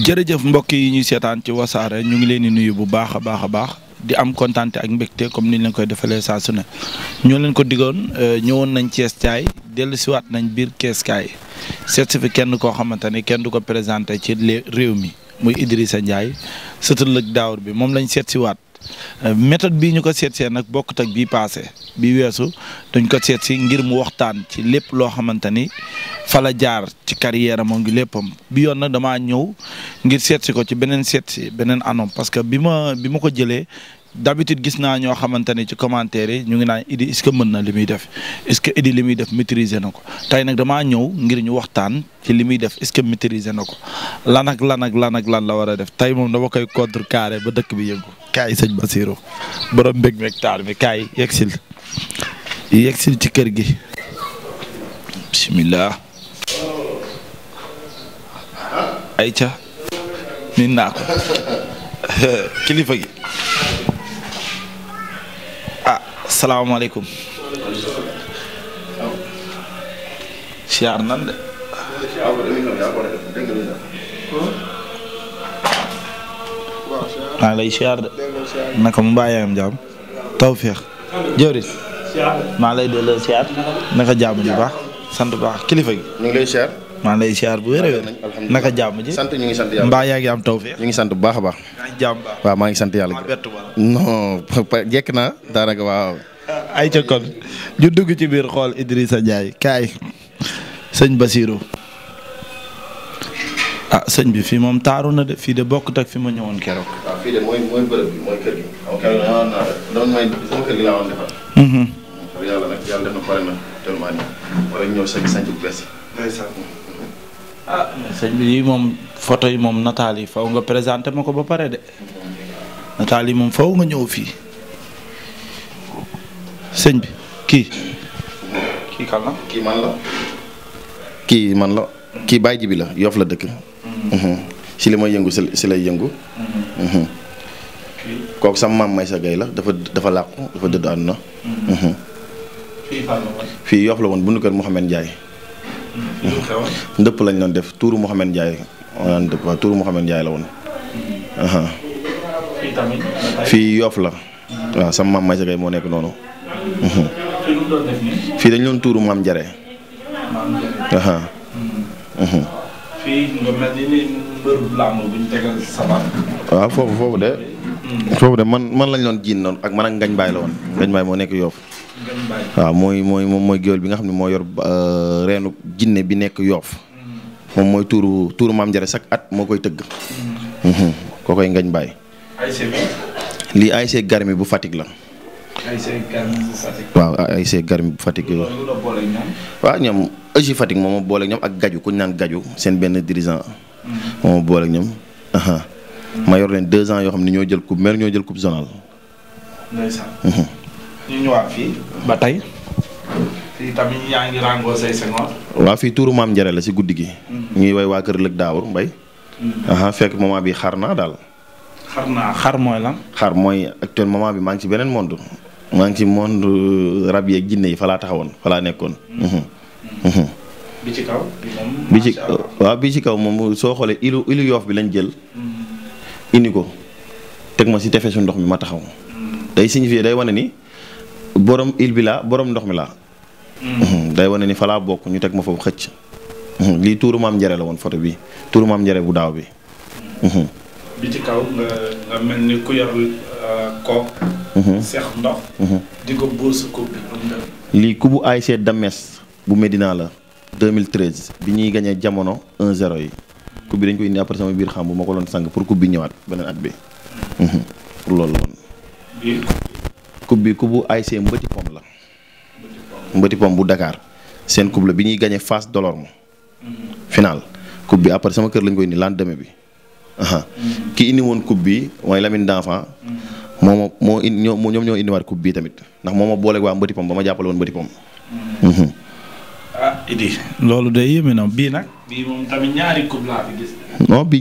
jërëjëf mbokk yi ñuy seetaan ci wasaare ñu ngi leen di nuyu bu baax a baax a baax di am kontaan ak mbégte comme ni ñu leen koy defalee saa su ne ñoo leen ko diggoon euh, ñëwoon nañ Cees Caay dellu siwaat nañ biir Cees Kaay seet si fi kenn koo xamante ne kenn du ko présenté ci réew mi muy Idrissa Ndiaye sëtul lëg daawur bi moom lañ seet siwaat Euh, méthode bii ñu ko seetsee nag bokkut ak bii paase bi weesu dañ ko seet si ngir mu waxtaan ci lépp loo xamante ni fa la jaar ci carrière moo ngi léppam bi yoon nag damaa ñëw ngir seet ko ci beneen seet si beneen anam parce que bi ma bi ma ko jëlee d'habitude gis naa ñoo xamante ne ci commentaire yi ñu ngi naan Idy est mën na li muy def est-ce que Idy li def maîtriser na ko tey nag damaa ñëw ngir ñu waxtaan ci li muy def est-ce que na ko lan ak lan ak lan ak lan la war a def tey moom dama koy contrecarrer ba dëkk bi yëngu. kaay sëñ Basirou borom mbég meeg taal bi kaay yegsil yegsil ci kër gi. bismillah. ayca. nit naa ko kilifa gi. salaamaaleykum. siyaar nan de. maa ngi lay siyaar de. naka mu mbaa yaayam jaam. tawféex. jëwriñ. maa lay delloo siyaar. naka jaamu ji baax sant baax kilifa ñu ngi lay siyaar. maa lay siyaar bu wér naka jàmm ji sant ñu ngi sant yàlla mbaa yaa ngi am tawfeex ñu ngi sant bu baax a baax waaw maa ngi sant yàlla non jekk na daanaka waaw ay ca kon ñu dugg ci biir xool Idrissa Ndiaye kaay sëñ Basiru ah sëñ bi fii moom taaru na de fii de bokk ak fi ma ñëwoon keroog. woon defar. Mhm. sëñ bi yii moom photo yi moom nataal yi faw nga présenté ma ko ba pare de nataal yi moom faw nga ñëw fii sëñ bi kii. kii man la. kii man la bi la yoof la dëkk. Mm-hmm. Mm-hmm. si li may yëngu si lay yëngu. Mm-hmm. kook sama maam may sa gay la dafa dafa làqu dafa dëdd àdduna. fii yoof la woon bu nu kër Mouhamed Ndiaye. ndëpp lañ doon def tuuru Mouhamed Ndiaye moo daan dëpp waaw tuuru Mouhamed Ndiaye la woon. fii tamit. la. waaw sama maam Maysa Gueye moo nekk noonu. fii lu doon def nii. fii dañu doon tuuru maam Njare. fii nga mel ni waaw foofu foofu de. foofu de man man lañ doon jiin noonu ak man ak Ngañ Baay la woon Ngañ Baay moo nekk Yoff. waaw mooy mooy moom mooy géwél bi nga xam ne moo yor euh, reenu jinne bi nekk yoof moom mooy tuuru tuuru maam Njare chaque at moo koy tëgg mhm. koo ngañ bàyyi lii ASC Garmi bu Fatick la waaw ASC Garmi bu Fatick yooyu waaw ñoom ëgi Fatick moom ma booleeg ñoom ak gaju kuñ naan gaju seen benn dirigeant mhm. moom ma booleeg ñoom ma yor leen deux ans yoo xam ne ñoo jël coupe maire ñoo jël coupe zonal ndeysaan mhm. ñu ñëwaat fii. ba tey. fii tamit yaa ngi ràngoo fii tuuru maam Njare la si guddi gi. Mm. ñuy woy waa Kër Lëg Daawur Mbay. Mm. fekk moment bi xar naa daal. xar naa xar mooy la xar mooy actuellement moment bi maa ngi ci beneen monde. maa ngi ci monde euh, rab yeeg jinne yi falaa taxawoon falaa nekkoon. Mm. Mhm. Mhm. bi ci kaw. bi ci kaw moom soo xoolee ilu ilu yoof bi lañ jël. indi ko teg ma si tefesu ndox mi ma taxaw. day signifié day wane ni. borom il bi laa borom ndox mi laa. Hmm. day wane ni falaa bokk ñu teg ma foofu xëcc. Hmm. lii tuuru maam njare la woon photo bi tuuru maam njare bu daaw bi. Hmm. bi ci euh, dem. bu ASC Dames bu Medina la bi ñuy gagné jamono 1 yi. coupe bi dañ ko indi après sama biir xam bu ma ko doon sang pour coupe bi ñëwaat beneen at bi. pour loolu la woon. coupe bi coupe bu ASC Mbëtti Pom la. Mbëtti Pom bu Dakar seen coupe la bi ñuy gagné face Delorme. final coupe bi après sama kër lañ koy indi lendemain bi. ki indi woon coupe bi mooy Lamine Danfan. moo ma moo indi ñoom moo ma booleeg waa Mbëtti Pom ba ma jàppale woon Mbëtti Pom. Mhm. ah Idi loolu day yéeme na bii nag. bii moom tamit ñaari coupe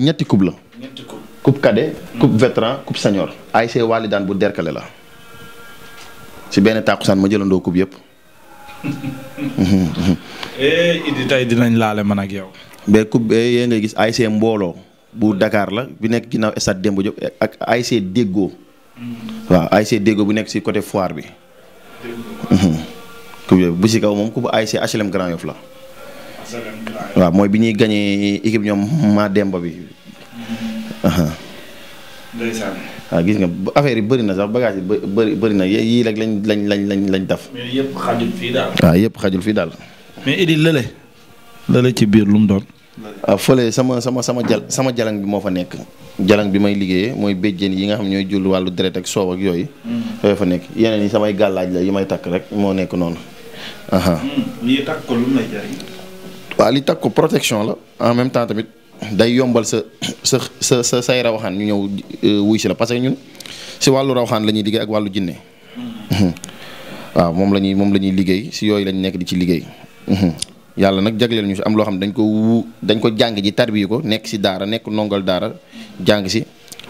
ñetti coupe la. ñetti coupe coupe cadet. Hmm. coupe vétéran coupe senior. ASC bu Derkale la. ci benn tàkkusaan ma jëlandoo coupe yëpp. eh Idi dinañ laale man ak yow. mais coupe yee ngay gis ASC mbooloo bu dakaar la bu nekk ginnaaw stade Demba Diop ak ASC Déggoo. Hmm. waaw ASC Déggoo bu nekk ci côté foir bi. Hmm. coupe yooyu bu ci kaw moom coupe ASC HLM Grand Yoff la. waaw mooy bi ñuy gañee équipe ñoom ma Demba bi. Hmm. ndeysaan waaw ah, gis nga affaire yi bëri na sax bagage yi bëri bëri na yii rek lañ lañ lañ lañ lañ def. yëpp xajul fii daal. waaw ah, yëpp fii daal. mais lële. lële ci biir lu mu doon. waaw ah, fële sama sama sama jal sama jalang bi moo fa nekk. jalang bi may liggéeyee mooy béjjén yi nga xam ñooy jul wàllu deret ak soow ak yooyu. Hmm. yooyu fa nekk yeneen yi samay gàllaaj la yi may takk rek moo nekk noonu. Hmm. waa takk li takk ko protection la en même temps tamit. day yombal sa sa sa sa say rawaxaan ñu ñëw euh, wuy si la parce que ñun si wàllu rawaxaan la ñuy liggéey ak wàllu jinne mhm. waaw moom lañuy moom la ñuy liggéey si yooyu lañ nekk di ci liggéey mhm. yàlla nag jagleel ñu si am loo xam dañ ko wu dañ ko jàng ji tarbiyu ko nekk si daara nekk ndongal daara jàng si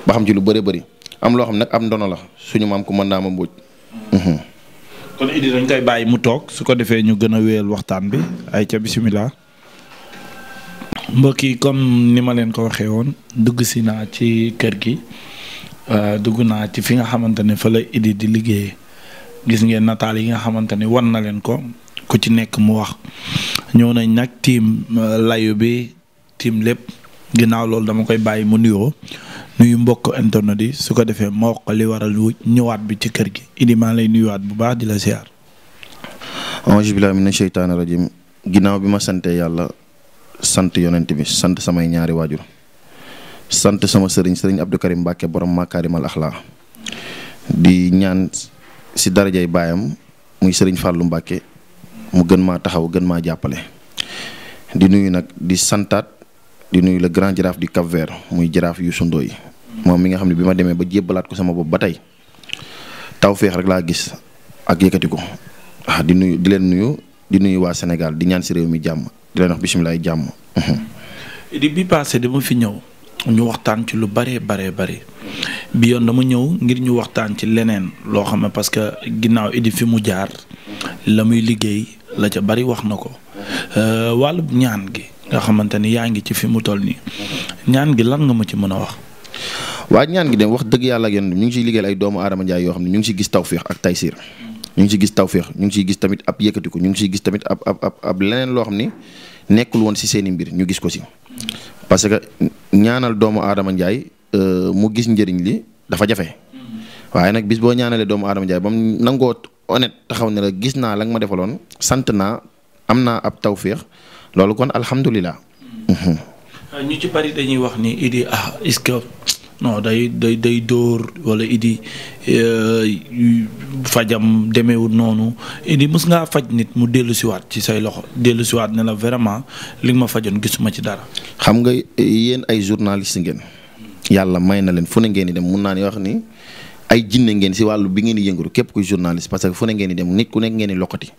ba xam ci lu bëri bëri am loo xam nag am ndono la suñu maam ko mën naa ma mbóoj mhm. kon Idi dañ koy bàyyi mu toog su ko defee ñu gën a wéyal waxtaan bi ay ca bisimilah. mbokk yi comme ni ma leen ko waxee woon dugg si naa ci kër gi euh, dugg naa ci fi nga xamante ne fa la Idy di liggéeye gis ngeen nataal yi nga xamante ne wan na leen ko ku ci nekk mu wax ñëw nañ nag tiim euh, layu bi tiim lépp ginnaaw loolu dama koy bàyyi mu nuyoo nuyu mbokk internet yi su ko defee ma wax ko li waral ñëwaat bi ci kër gi Idy maa lay nuyuwaat bu baax di la siyaar. auzu billaahi mina seytaane rajiim ginnaaw bi ma sante yàlla. sant yonent bi sant samay ñaari waajur sant sama sëriñ sëriñ Abdou Karim Mbacke borom makaarimal axlaa di ñaan si darajay baayam muy sëriñ Fallou Mbacke mu gën maa taxaw gën maa jàppale. di nuyu nag di santaat di nuyu la grand jaraaf di Cap veer muy jaraaf Youssou Ndoye moom mi nga xam ne bi ma demee ba jébbalaat ko sama bopp ba tey tawféex rek laa gis ak yëkkati ko ah di nuyu di leen nuyu di nuyu waa senegal di ñaan si réew mi jàmm. di bisimilah jàmm. di bi passé dama fi ñëw ñu waxtaan ci lu bëree baree bëri bi yoon dama ñëw ngir ñu waxtaan ci leneen loo xam ne parce que ginnaaw Idy fi mu jaar la muy liggéey la ca bëri wax na ko euh, wàllu ñaan gi nga xamante ni yaa ngi ci fi mu toll nii ñaan gi lan nga ma ci mën a wax. waa ñaan gi de wax dëgg yàlla ak yoon ñu ngi ciy liggéeyal ay doomu aadama njaay yoo xam ne ñu ngi ciy gis tawféex ak taysiir ñu ngi ciy gis tawféex ñu ngi ciy gis tamit ab yëkkati ko ñu ngi ciy gis tamit ab ab ab leneen loo xam ni nekkul woon si seeni mbir ñu gis ko si. parce que ñaanal doomu aadama Ndiaye euh, mu gis njëriñ li dafa jafe. waaye nag bis boo ñaanalee doomu adama Ndiaye ba nangoo honnête taxaw ne la gis naa la ma defaloon sant naa am naa ab tawféex loolu kon alhamdulilah. non day day day dóor wala idi euh, fajam demeewul noonu idi mës ngaa faj nit mu dellu siwaat ci say loxo dellu siwaat ne la vraiment li ma fajoon gisuma ci dara. xam nga yéen ay journaliste ngeen. yàlla may na leen fu ne ngeen di dem mun naa ni wax ni ay jinne ngeen si wàllu bi ngeen di yëngatu képp kuy journaliste parce que fu ne ngeen di dem nit ku nekk ngeen lokkati.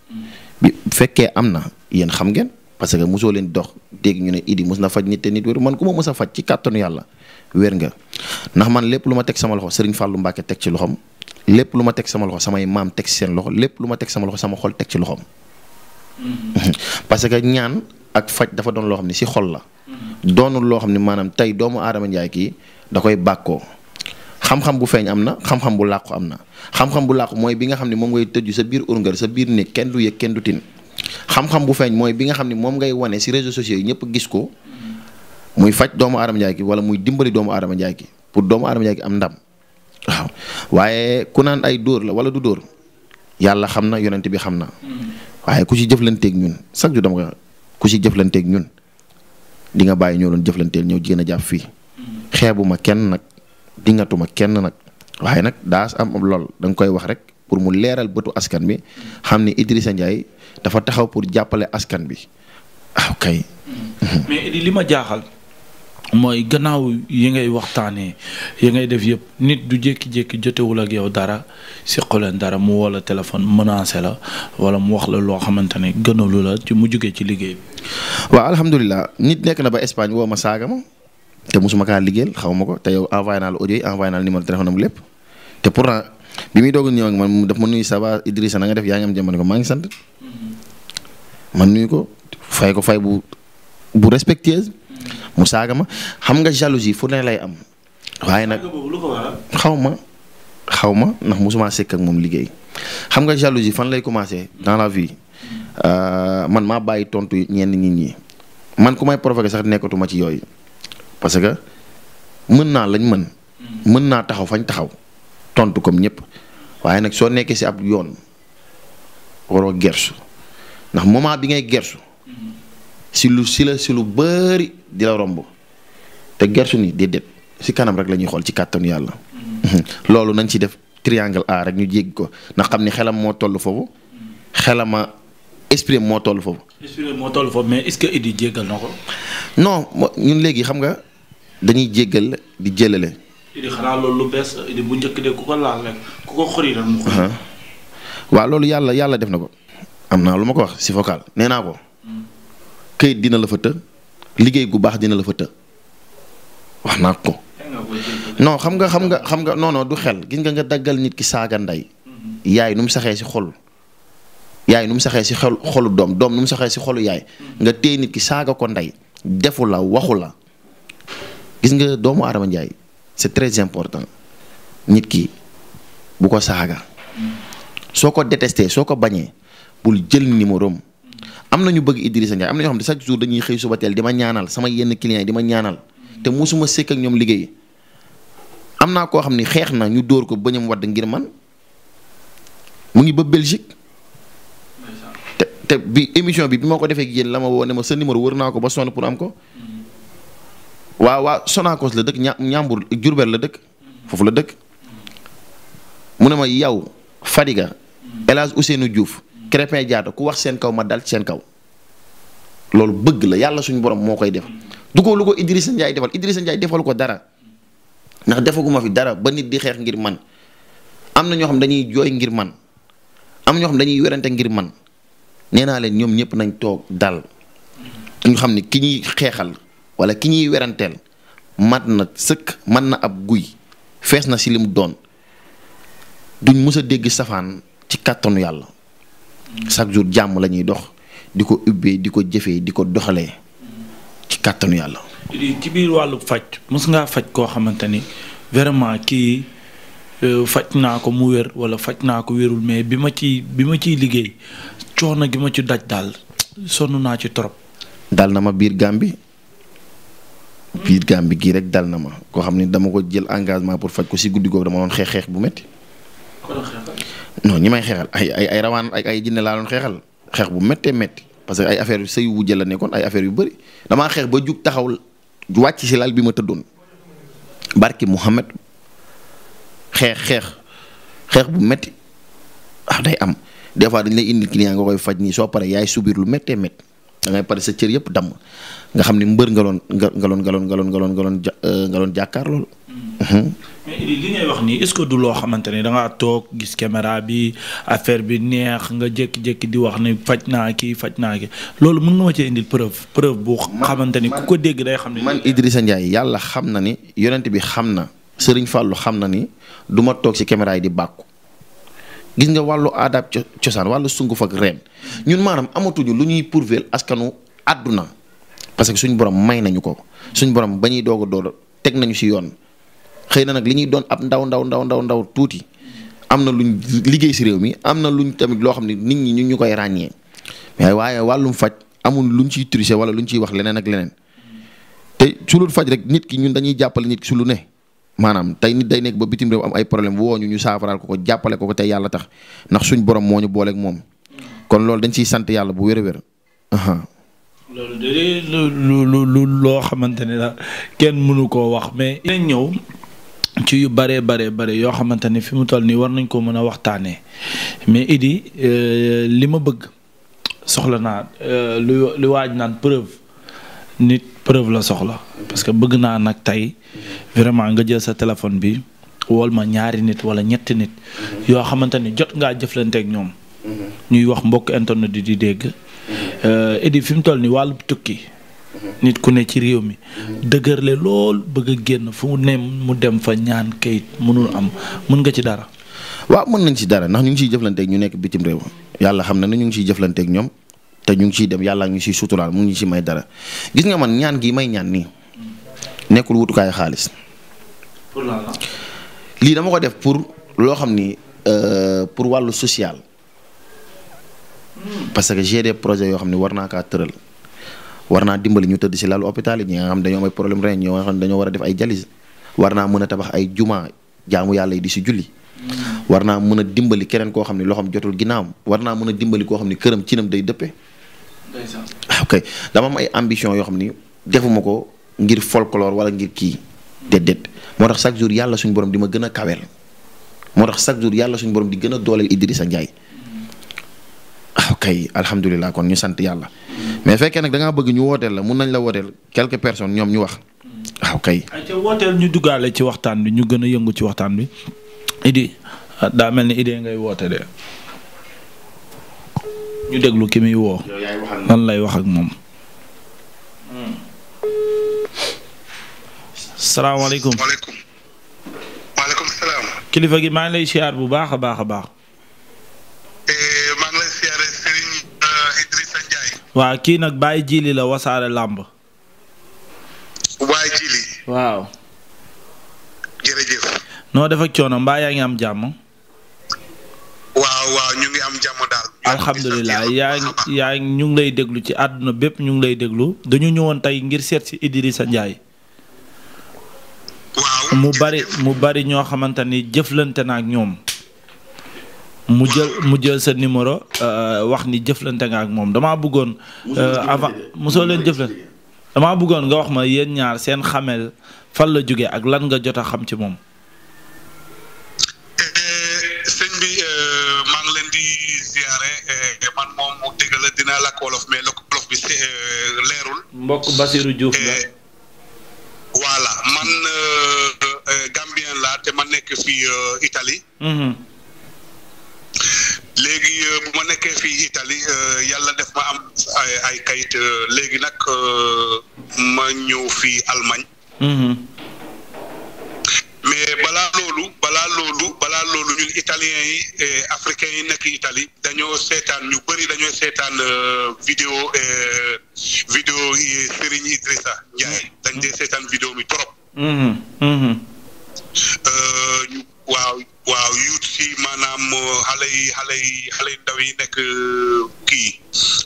fekkee am na yéen xam ngeen parce que musoo leen dox dégg ñu ne idi mos na faj nit te nit wéru man ku ma faj ci kàttanu yàlla. wér nga ndax man lépp lu ma teg sama loxo Serigne Fallou Mbacke teg ci loxoom lépp lu ma teg sama loxo samay maam teg ci seen loxo lépp lu ma teg sama loxo sama xol teg ci loxoom. Mm-hmm. parce que ñaan ak faj dafa doon loo xam ne si xol la. Mm-hmm. doonu loo xam ne maanaam tey doomu aadama njaay kii da koy bàkkoo xam-xam bu feeñ am na xam-xam bu làqu am na xam-xam bu làqu mooy bi nga xam ne moom ngay tëju sa biir urngër sa biir néeg kenn du yëg kenn du tin xam-xam bu feeñ mooy bi nga xam ne moom ngay wane si réseaux sociaux yi ñëpp gis ko. muy faj doomu aadama njaay ki wala muy dimbali doomu adama njaay ki pour doomu aadama njaay ki am ndam waaw waaye ku naan ay dóor la wala du dóor yàlla xam na yonent bi xam na waaye ku ci jëflanteeg ñun chaque jour ku ci jëflanteeg ñun di nga bàyyi ñoo doon jëflanteel ñëw jigéen a jàpp fii xeebuma kenn nag dingatuma kenn nag waaye nag daas am lool danga koy wax rek pour mu leeral bëtu askan bi xam ni Idrissa Ndiaye dafa taxaw pour jàppale askan bi ah kay. mais mooy gannaaw yi ngay waxtaanee yi ngay def yëpp nit du jékki-jékki jotewul ak yow dara si leen dara mu woo la téléphone menacé la wala mu wax la loo xamante ne gënalu la ci mu jugee ci liggéey bi. waaw alhamdulilah nit nekk na ba Espagne woo ma saaga ma te mosuma kaa liggéeyal xaw ma ko te yow envoyé la audio yi envoyé naa la numéro téléphone lépp te bi muy doog a ñëw ak man daf ma nuyu ça va Idrissa na nga def yaa ngi am jamono ko maa ngi sant mm-hmm. man nuyu ko fay ko fay bu bu respectueuse mu saaga ma xam nga jalousie fu ne lay am. waaye nag xaw ma xaw ma ndax mosuma sekk ak moom liggéey xam nga jalousie fan lay commencé dans la vie euh, man maa bàyyi tontu ñenn nit ñi man ku may provoqué sax nekkatuma ci yooyu parce que mën naa lañ mën. Hmm. mën naa taxaw fañ taxaw tontu comme ñëpp waaye nag soo nekkee si ab yoon waroo gersu ndax moment bi ngay gersu. si lu si la si lu bëri di la romb te gertu ni déedéet si kanam rek la ñuy xool ci kàttanu yàlla. loolu nañ ci def triangle A rek ñu jéggi ko ndax xam ni xelam moo toll foofu. xelama esprit moo toll foofu. esprit moo toll foofu mais est-ce que Idy jéggal na ko. non ñun léegi xam nga dañuy jéggal di jëlale. Idy xanaa loolu lu bees Idy bu njëkk de ku ko laal rek ku ko xori rek mu. waaw loolu yàlla yàlla def na ko. am naa lu ma ko wax si vocal nee naa ko. këyit dina la fa të liggéey gu baax dina la fa të wax naa ko. non xam nga xam nga xam nga noonoo du xel gis nga nga daggal nit ki saaga ndey. yaay nu mu saxee si xol. yaay nu mu saxee si xolu doom doom nu mu saxee si xolu yaay nga téye nit ki saaga ko ndey defu la waxu la gis nga doomu Adama Ndiaye c'est très important nit ki bu ko saaga soo ko détesté soo ko bañee bul jël numéro am am na ñu bëgg Idrissa Ndiaye am na ñoo xam ne chaque jour dañuy xëy suba teel di ma ñaanal sama yenn client di ma ñaanal te musuma sekk ak ñoom liggéey am naa koo xam ne xeex na ñu dóor ko ba ñam wadd ngir man mu ngi ba Belgique. te te bi émission bi bi ma ko defee ak yéen la ma woo ma sa numéro wër naa ko ba sonn pour am ko. waaw waaw Sonacos la dëkk ña ñaambur Diourbel la dëkk. foofu la dëkk. mu ne ma yow Fadiga El Hadj Ousseynou juuf Krépin Diatta ku wax seen kaw ma dal ci seen kaw loolu bëgg la yàlla suñu borom moo koy def du ko lu ko Idrissa Ndiaye defal Idrissa Ndiaye defal ko dara ndax defaguma fi dara ba nit di xeex ngir man am na ñoo xam dañuy jooy ngir man am ñoo dañuy werante ngir man nee naa leen ñoom ñëpp nañ toog dal ñu xam ne ki ñuy xeexal wala ki ñuy weranteel mat na sëkk man na ab guy fees na si li mu doon duñ mës a dégg safaan ci kàttanu yàlla chaque jour jàmm la ñuy dox di ko ubbee di ko jëfee di ko doxalee ci kàttanu yàlla. ci biir wàllu faj mos ngaa faj koo xamante ni vraiment kii euh, faj naa ko mu wér wala faj naa ko wérul mais bi ma ci bi ma ciy liggéey coono gi ma ci daj daal sonn naa ci trop. dal na ma biir Gàmbi biir Gàmbi gii rek dal na ma koo xam ne dama ko jël engagement pour faj ko si guddi googu dama doon xeex xeex bu metti non ñi may xeexal ay ay ay rawaan ay ay jinne laa xeexal xeex bu mette métti parce que ay affaire sëy wu jël la nekkoon ay affaire yu bëri damaa xeex ba jug taxaw wàcc si lal bi ma tëddoon barki Mouhamed xeex xeex xeex bu métti ah day am des fois dañ lay indi client nga koy faj nii soo paree yaay subir lu méttee métti da ngay pare sa cër yëpp damm nga xam ni mbër ngaloon loon nga loon nga loon nga ja euh, nga loon jàkkaar lool. Hmm. mais li du loo xamante ne da toog gis caméra bi affaire bi neex nga jékki-jékki di wax ne faj naa kii faj naa kii loolu mën nga ma cee indil preuve preuve bu xamante ni ku ko dégg day xam ne. man Idrissa Ndiaye yàlla xam na ni yonent bi xam na Serigne Fallou xam na ni du ma toog ci caméra yi di bàkku gis nga wàllu aadaab cosaan wàllu sunguf ak reen ñun maanaam amatuñu lu ñuy prouver askanu àdduna parce que suñ borom may nañu ko suñ borom ba ñuy doog a door teg nañu si yoon xëy na nag li ñuy doon ab ndaw ndaw ndaw ndaw ndaw tuuti am na luñ liggéey si réew mi am na lu ñu tamit loo xam ne nit ñi ñu ñu koy ràññee mais waaye wàllum faj amul lu luñ ciy tricher wala luñ ciy wax leneen ak leneen te su lul faj rek nit ki ñun dañuy jàppale nit ki su lu ne. maanaam tey nit day nekk ba bitim réew am ay problème woo ñu ñu saafaraal ko ko jàppale ko ko tey yàlla tax ndax suñ borom moo ñu booleeg moom kon loolu dañ ciy sant yàlla bu wér a wér. loolu loo xamante ne la kenn mënu koo wax mais. dinañ ñëw yu bare bare bare yoo xamante ne fi mu toll nii war nañ ko mën a waxtaanee mais Idi euh, li ma bëgg soxla naa euh, lu lu waaj naan preuve nit preuve la soxla. parce que bëgg naa nag tey vraiment nga jël sa téléphone bi wool ma ñaari nit wala ñetti nit yoo xamante ni jot ngaa jëflanteeg ñoom. ñuy wax mbokk internet di di dégg. Euh, Eddy fi mu toll nii wàllu tukki. nit ku ne ci réew mi. dëgër le lool bëgg a génn fu mu ne mu dem fa ñaan kayit mënul am mën nga ci dara. waaw mën nañ ci dara ndax ñu ngi ciy jëflanteeg ñu nekk bitim réew yàlla xam na ne ñu ngi ciy jëflanteeg ñoom te ñu ngi ciy dem yàlla ñu suutu laal mu ñu ci may dara gis nga man ñaan gi may ñaan nii. nekkul wutukaayu xaalis. lii dama ko def pour loo xam ni euh, pour wàllu social. Hmm. parce que j'ai des projets yoo xam ne war naa kaa tëral. war naa dimbali ñu tëdd ci lalu hôpital yi ñi nga xam dañoo am ay problème ren ñoo nga xam dañoo war a def ay jalis war naa mën a tabax ay jumaa jaamu yàlla yi di si julli. Hmm. war naa mën a dimbali keneen koo xam ne loxoom jotul ginnaaw war naa mën a dimbali koo xam ne këram cinam day dëppe. ok dama am ambition yoo xam ni defuma ko ngir folklore wala ngir kii déedéet moo tax chaque jour yàlla suñu borom di ma gën a kaweel moo tax chaque jour yàlla suñu borom di gën a dooleel sa Ndiaye ah kay alhamdulilah kon ñu sant yàlla mais fekkee nag da bëgg ñu wooteel la mun nañ la wooteel quelques personnes ñoom ñu wax waaw ah, kay. wooteel ñu duggaale ci waxtaan bi ñu gën a yëngu ci waxtaan bi Idi daa mel ni Idé ngay woote de ñu déglu ki muy woo. lan lay wax ak moom. Hmm. salaamaaleykum maaleykum. maaleykum salaam. kilifa gi maa ngi lay siyaar bu baax a baax a baax. Eh, euh, waa kii nag Baye Jili la wasaare làmb. Baye Jili. waaw. noo def coono mbaa yaa ngi am jàmm. waaw waaw ñu ngi am jàmm daal. alhamdulilah yaa ngi yaa ngi ñu ngi lay déglu ci àdduna bépp ñu ngi lay déglu dañu ñëwoon tey ngir seet si sa njaay mu bari mu bari ñoo xamante ni jëflante na ak ñoom mu jël mu jël sa numéro euh, wax ni jëflante nga ak moom damaa bëggoon. Euh, avant mosoo leen jëflante damaa bëggoon nga wax ma yéen ñaar seen xamel fan la jóge ak lan nga jot a xam ci moom. Eh, eh, euh, maa ngi leen di ziare eh, man mbokk Basirou Diouf la. voilà man. Euh, Gambien laa te ma nekk fi euh, Italie. Mm-hmm. léegi euh, bu ma nekkee fii Italie yàlla def ma am ay ay kayit léegi nag ma ñëw fii almañ mm-hmm. mais balaa loolu balaa loolu balaa loolu ñun italiens yi et africains yi nekk itali dañoo seetaan ñu bëri dañoo seetaan vidéo vidéo yi Serigne Idrissa Ndiaye mm-hmm. dañ dee seetaan vidéo mi trop. Euh, ñu waaw waaw yut si maanaam xale yi xale yi xale yu ndaw yi nekk euh, kii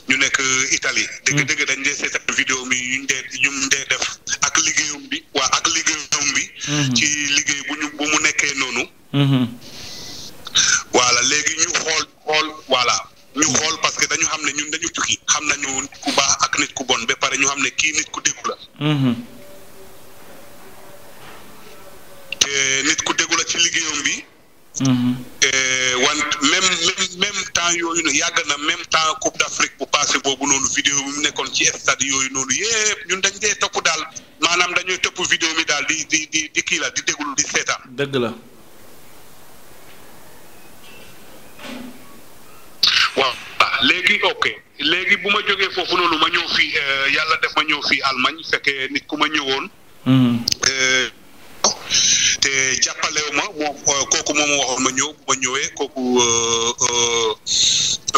ñu nekk euh, itali mm. dëgg dëgg dañ dee seetaan vidéo mi ñu dee ñu dee def ak liggéeyum bi waa ak liggéeyum bi. Mm-hmm. ci liggéey bu ñu bu mu nekkee noonu. Mm-hmm. voilà léegi ñu xool xool voilà ñu xool parce que dañu xam ne ñun dañu tukki xam nañu nit ku baax ak nit ku bon ba pare ñu xam ne kii nit ku déggu nit ku déggu la ci liggéeyam bi. Mm-hmm. wante même même même temps yooyu nag yàgg na même temps Coupe d'Afrique bu passé boobu noonu vidéo bi mu nekkoon ci stade yooyu noonu yépp ñun dañu dee topp daal maanaam dañuy topp vidéo mi daal di di di di kii la di déglu di seetaan. dëgg la. léegi bu ma jógee foofu noonu ma ñëw fii euh, yàlla def ñëw fii Allemagne fekkee nit ku ma ñëwoon. Mm-hmm. Euh, te jàppalewu ma moom euh, kooku moom waxoon ma ñëw ma ñëwee kooku euh,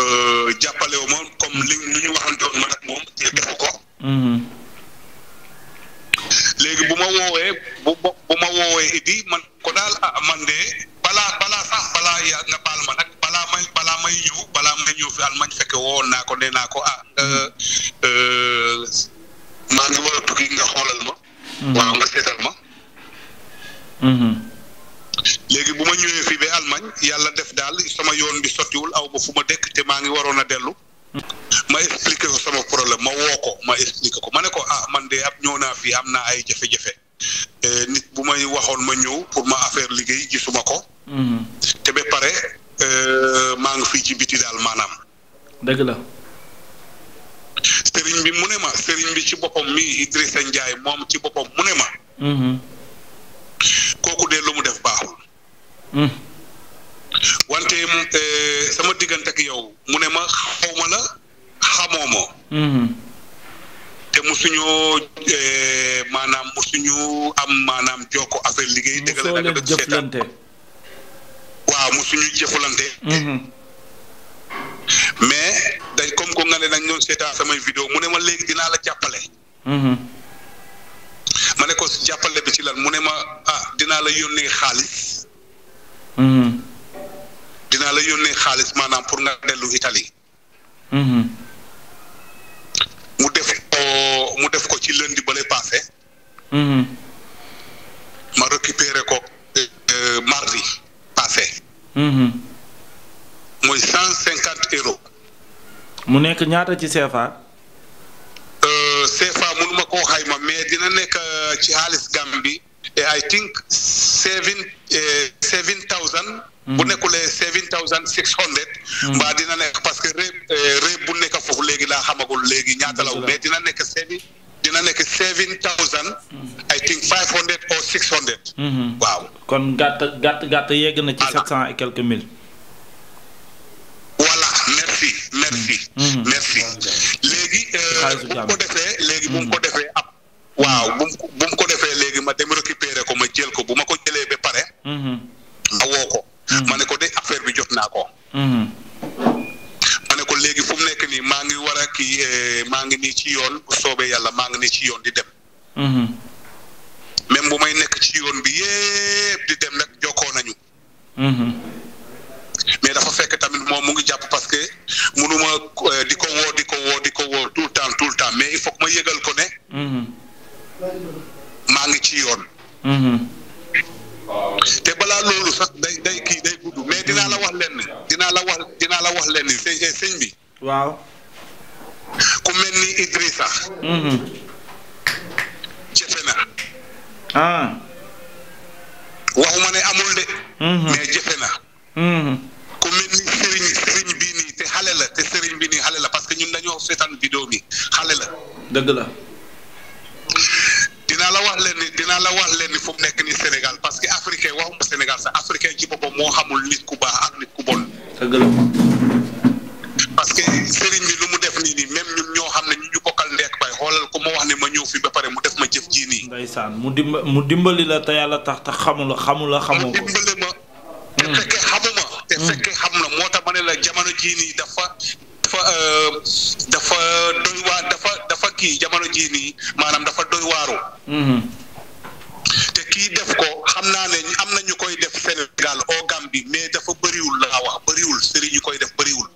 euh, jàppalewu ma comme li lu ñu waxandoon man ak moom te defu ko mm-hmm. léegi bu ma woowee ma woowee idi man ko daal ah man de balaa balaa sax balaa yaa nga baal ma nag balaa may balaa may ñëw balaa fi Allemagne fekk woowoon naa ko nee naa ko ah mm-hmm. maa ngi a tukki nga xoolal ma mm-hmm. waaw nga seetal ma Mm-hmm. léegi bu ma ñëwee fii ba Allemagne yàlla def daal sama yoon bi sottiwul aw ba fu ma dëkk te maa ngi waroon a dellu. Mm-hmm. ma expliqué ko sama problème ma woo ko ma expliqué ko ma ne ko ah man de ab ñëw naa fii am naa ay jafe-jafe eh, nit bu may waxoon ma ñëw pour ma affaire liggéey gisuma ko. Mm-hmm. te ba pare eh, maa ngi fii ci biti daal maanaam. dëgg la. sëriñ bi mu ne ma sëriñ bi ci boppam mi Idrissa Ndiaye moom ci boppam mu ne ma. kooku dee lu mu def baaxul. Hmm. wante eh, sama diggante ak yow mu ne ma xaw ma la xamoo ma. Hmm. te musuñoo eh, maanaam suñu am maanaam jokko affaire liggéey. dëgg nag dëgg seetaan waaw musuñu jëflante. Hmm. mais dañ comme ko nga ne nag ñoom seetaan samay vidéo mu ne ma léegi dinaa la jàppale. ma ne jàppale bi ci lan mu ne ma ah dinaa la yónnee xaalis. Mm-hmm. dinaa la yónnee xaalis maanaam pour nga dellu Italie. Mm-hmm. mu def ko mu def ko ci lundi ba lay passé. Mm-hmm. ma récupéré ko euh, mardi passé. mooy cent cinquante euros. mu nekk ñaata ci CFA. Euh, CFA mënuma koo xayma mais dina nekk ci xaalis Gambie I think seven eh, seven thousand bu mm. nekkulee seven thousand six hundred mm. mbaa dina nekk parce que réeb eh, réeb bu nekk foofu léegi laa xamagul léegi ñaata law dina nekk seven dina nekk seven thousand mm. I think five hundred or six hundred mm-hmm. waaw kon gàtt gàtt gàtt yegg na ci sept cent et quelques mille voilà merci merci mm-hmm. Mm-hmm. merci euh, bu mu ko defee léegi bu mu ko defee waaw bu mu bu mu ko defee léegi ma dem récupérer ko ma jël ko bu ma ko jëlee ba pare. Mm-hmm. ma woo ko. Mm-hmm. ma ne ko de affaire bi jot naa ko. Mm-hmm. ma ne ko léegi fu mu nekk nii maa ngi war a kii eh, maa ngi nii ci yoon bu yàlla maa ngi nii ci yoon di dem. même may nekk ci yoon bi yépp di dem nag jokkoo nañu. mais dafa fekk tamit moom mu ngi jàpp parce que mënuma eh, di ko woo di ko woo di ko woo tout le temps tout le temps mais il faut ma yëgal ko ne. maa ngi ci yoon. Mm-hmm. te balaa loolu sax day day kii day gudd mais dinaa la wax lenn dinaa la wax dinaa la wax lenn sëñ eh, sëñ bi. waaw. ku mel ni Idrissa. Mm-hmm. jafe na. ah. waxuma ne amul de. Mm-hmm. mais jafe na. ku mel ni sëriñ sëriñ bii nii te xale la te sëriñ bi nii xale la parce que ñun dañoo seetaan vidéo bi xale la. dëgg la. dinaa la wax leen ni fu mu nekk nii Sénégal parce que africain waxuma Sénégal sax africain ci boppam moo xamul nit ku baax ak nit ku bon. parce que sëriñ bi lu mu def nii nii même ñun ñoo xam ne ñu ñu bokkal ndek bay xoolal ko ma wax ne ma ñëw fii ba pare mu def ma jëf ji nii. saan mu dimba mu dimbali la te yàlla tax te xamula xamula xamoo ko. dimbali ma. te mm. fekkee xamuma. te mm. fekkee xam na moo tax ma ne la jamono jii nii dafa. dafa euh, dafa doy waar dafa dafa kii jamono jii nii maanaam dafa doy waaru. Mm-hmm. lii def ko xam naa ne am na ñu koy def Sénégal au Gambie mais dafa bariwul laa wax bëriwul sëriñ ñu koy def bariwul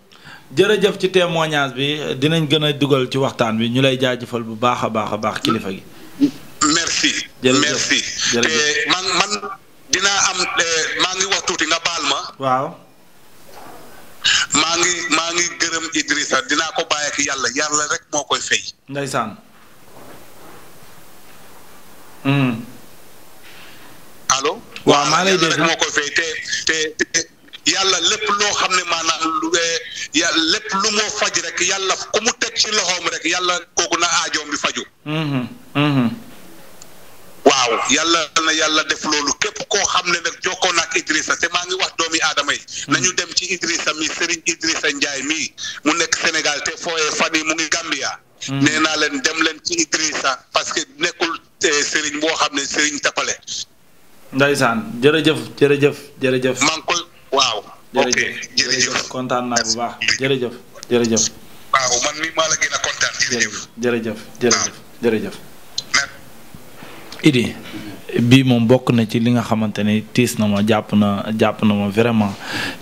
jërëjëf ci témoignage bi dinañ gën a dugal ci waxtaan bi ñu lay jëfal bu baax a baax a baax kilifa gi. merci. merci te eh, man man dinaa am eh, maa ngi wax tuuti nga baal ma. waaw. maa ngi maa ngi gërëm Idrissa dinaa ko bàyyi ak yàlla yàlla rek moo koy fay. ndeysaan. Hmm. allo. waaw maa lay dégg moo ko fay te te yàlla lépp loo xam ne maanaam lu eh, yàlla lépp lu moo faj rek yàlla mu teg ci loxoom rek yàlla kooku na aajoom bi faju mm-hmm, mm-hmm. waaw yàlla na yàlla def loolu képp koo xam ne nag jokkoon ak Idrissa te maa ngi mm-hmm. dem ci Idrissa mi Serigne Idrissa Ndiaye mi mu nekk Sénégal te fooyee fan yi mu ngi Gambia nee leen dem leen ci Idrissa parce que nekkul eh, Serigne boo xam ne Serigne Tapale Ndeysaan jërëjëf jërëjëf jërëjëf. maa ngi jërëjëf kontaan naa bu jërëjëf jërëjëf. waaw man Idi bii moom bokk na ci li nga xamante ni tiis na ma jàpp na jàpp na ma vraiment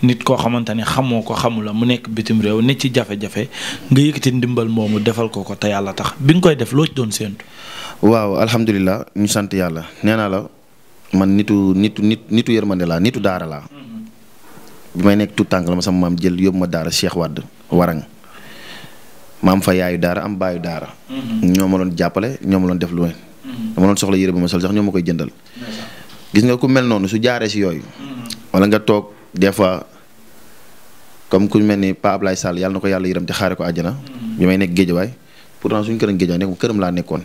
nit koo xamante ni xamoo ko xamula mu nekk bitim réew nit ci jafe-jafe nga yëkkati ndimbal moomu defal ko ko te yàlla tax bi nga koy def loo ci doon séentu. waaw alhamdulilah ñu sant yàlla nee naa la. man nitu nittu nit nitu yërmande laa nitu daara laa. bi may nekk tout tànk la ma sama maam jël yóbbu ma daara Cheikh Wade warang maam fa yaayu daara am baayu daara. Mhm. ñoo ma doon jàppale ñoo ma def lu ne. Mhm. dama doon soxla yére bu ma sol sax ñoo ma koy jëndal. gis nga ku mel noonu su jaaree si yooyu. Mhm. wala nga toog des fois comme ku mel ni Pa Ablaye Sall yàlla na ko yàlla yërëm te xaare ko àjjana. bi may nekk géejawaay pourtant suñu këram géejawaay nekk këram laa nekkoon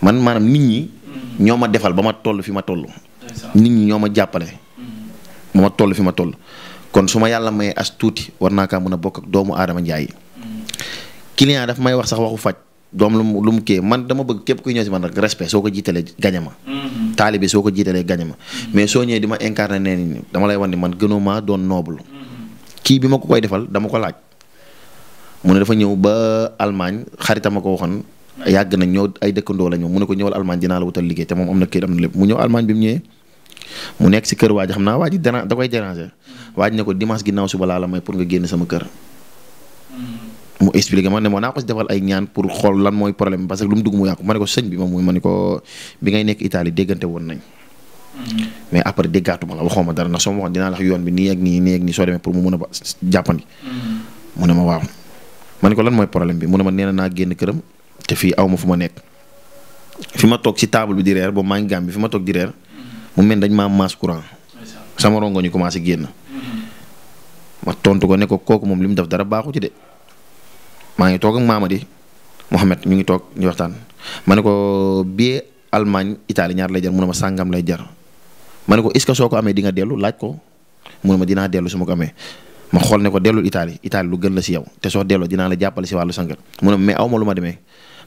man nit ñi. ñoo ma defal ba ma toll fi ma toll. nit ñoo ma jàppale. Mm-hmm. ba toll fi ma toll kon su ma yàlla mayee as tuuti war naa kaa mën a bokk ak doomu aadama njaay. Mm-hmm. client daf may wax sax waxu faj doom lu mu lu mu kii man dama bëgg képp kuy ñëw si man rek respect soo ko jiitalee gañe ma. Mm-hmm. taalibe soo ko jiitalee gañe ma. mais soo ñëwee di ma incarné nee ni dama lay wan ni man gënoo ma doon noble. kii bi ma ko koy defal dama ko laaj. mu ne dafa ñëw ba Allemagne xaritam ma ko waxoon yàgg nañ ñoo ay dëkkandoo lañu mu ne ko ñëwal Allemagne dinaa la wutal liggéey te moom am na kër am na nekk si kër waa ji xam naa waa ji da koy déranger waa ji ne ko dimanche ginnaaw suba laa la may pour nga génn sama kër. mu expliqué ne ma naa ko si ay ñaan pour xool lan mooy problème parce que lu mu ma ko sëñ bi ma muy ma woon nañ. mais après déggaatu ma la waxoo ma dara ndax soo ma waxoon la yoon bi nii ak nii nii ak nii soo demee pour mu a ba mm. ne ma waaw ne ko lan mooy problème bi mu ne ma nee naa génn këram te fii aw ma fu ma nekk fi ma toog si table bi di reer boobu maa ngi bi fi ma toog di reer mu mel dañ maa maas courant sama rongo ñu commencé génn ma tontu ko ne ko kooku moom li mu def dara baaxu ci de maa ngi toog ak Mamadi Mouhamed ñu ngi toog ñu waxtaan ma ne ko billet Allemagne Italie ñaar lay jar mu ne ma sàngam lay jar ma ne ko est-ce que soo ko amee di nga dellu laaj ko mu ne ma dinaa dellu si ma amee. ma xool ne ko dellul Italie Italie lu gën la si yow te soo delloo dinaa la jàppale si wàllu sangal mu ne mais aw ma ma demee